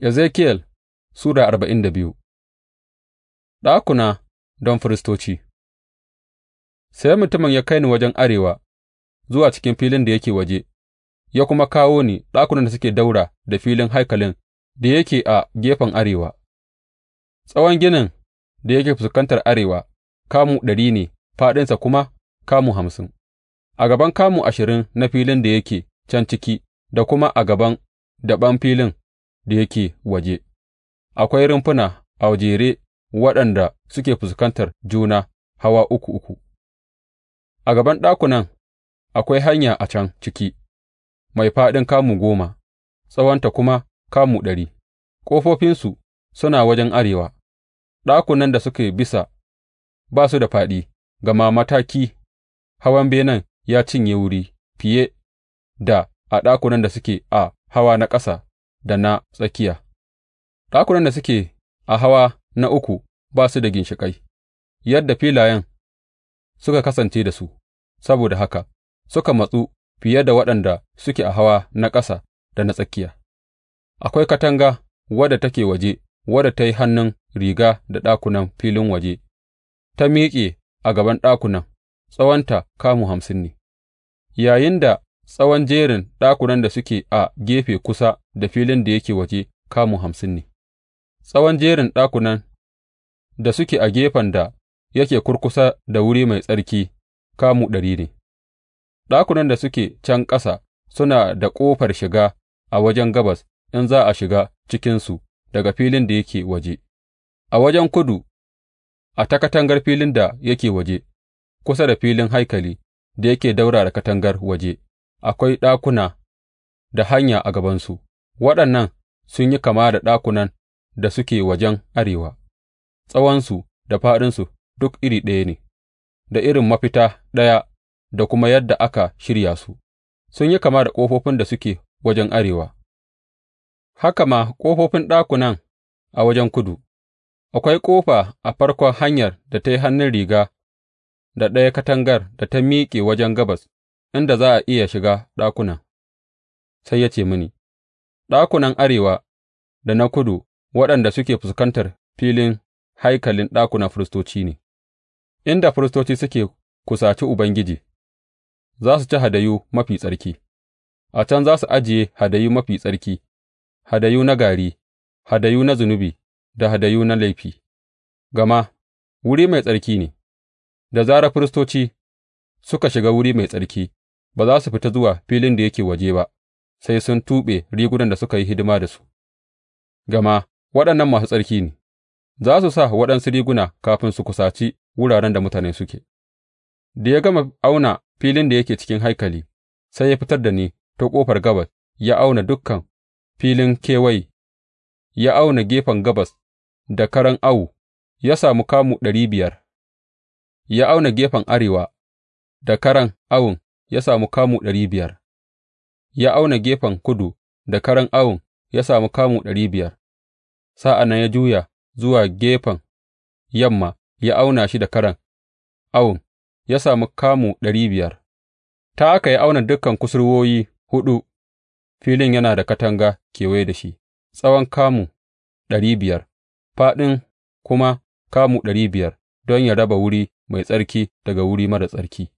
Ezekiel Sura arba'in da biyu Ɗakuna don firistoci Sai mutumin ya kai ni wajen arewa zuwa cikin filin da yake waje, ya kuma kawo ni ɗakunan da suke daura da filin haikalin da yake a gefen arewa, tsawon ginin da yake fuskantar arewa kamu ɗari ne faɗinsa kuma kamu hamsin, a gaban kamu ashirin na filin da yake can ciki da kuma a gaban daɓen filin. da yake waje, akwai rumfuna a jere waɗanda suke fuskantar juna hawa uku uku, a gaban ɗakunan akwai hanya a can ciki, mai faɗin kamu goma, tsawonta kuma kamu ɗari, ƙofofinsu suna wajen arewa, ɗakunan da suke bisa ba su da ga gama mataki hawan benen ya cinye wuri fiye da a ɗakunan da suke a hawa na ƙasa. da na tsakiya, ɗakunan da suke a hawa na uku ba su da ginshiƙai, yadda filayen suka kasance da su, saboda haka suka matsu fiye da waɗanda suke a hawa na ƙasa da na tsakiya. Akwai katanga wadda take waje, wadda ta yi hannun riga da ɗakunan filin waje, ta miƙe a gaban ɗakunan, tsawonta kamu hamsin ne, Yayin yayinda Tsawon jerin ɗakunan da suke a gefe kusa da filin da yake waje kamun hamsin ne, tsawon jerin ɗakunan da suke a gefen da yake kurkusa da wuri mai tsarki kamu ɗari ne, ɗakunan da suke can ƙasa suna da ƙofar shiga a wajen gabas in za a shiga cikinsu daga filin da yake waje, a wajen kudu a ta katangar filin da yake waje, kusa da filin haikali da yake daura da katangar waje. akwai ɗakuna da hanya a gabansu, waɗannan sun yi kama da ɗakunan da suke wajen arewa, tsawonsu da fāɗinsu duk iri ɗaya ne, da irin mafita ɗaya da kuma yadda aka shirya su, sun yi kama da ƙofofin da suke wajen arewa, haka ma ƙofofin ɗakunan a wajen kudu, akwai ƙofa a farkon hanyar da ta yi hannun riga da ɗaya katangar da ta miƙe wajen gabas. inda za a iya shiga ɗakuna, sai ya ce mini, Ɗakunan arewa da na kudu waɗanda suke fuskantar filin haikalin ɗakuna firistoci ne, inda firistoci suke kusaci Ubangiji, za su ci hadayu mafi tsarki, a can za su ajiye hadayu mafi tsarki, hadayu na gari, hadayu na zunubi da hadayu na laifi, gama wuri mai tsarki ne, da zarar firistoci suka shiga wuri mai tsarki. ba za su fita zuwa filin da yake waje ba, sai sun tuɓe rigunan da suka yi hidima da su, gama waɗannan masu tsarki ne, za su sa waɗansu riguna kafin su kusaci wuraren da mutane suke. Da ya gama auna filin da yake cikin haikali, sai ya fitar da ni ta ƙofar gabas, ya auna dukkan filin kewaye, ya auna gefen gabas da karan awu, ya samu kamu ɗari biyar, ya auna gefen arewa da karan awun ya sami kamu ɗari biyar, ya auna gefen kudu da karan awon ya sami kamu ɗari biyar, sa'an nan ya juya zuwa gefen yamma ya auna shi da karan awon ya sami kamu ɗari biyar, ta aka ya auna dukan kusurwoyi huɗu, filin yana da katanga kewaye da shi, tsawon kamu ɗari biyar, faɗin kuma kamu ɗari biyar don ya raba wuri mai tsarki daga wuri mara tsarki.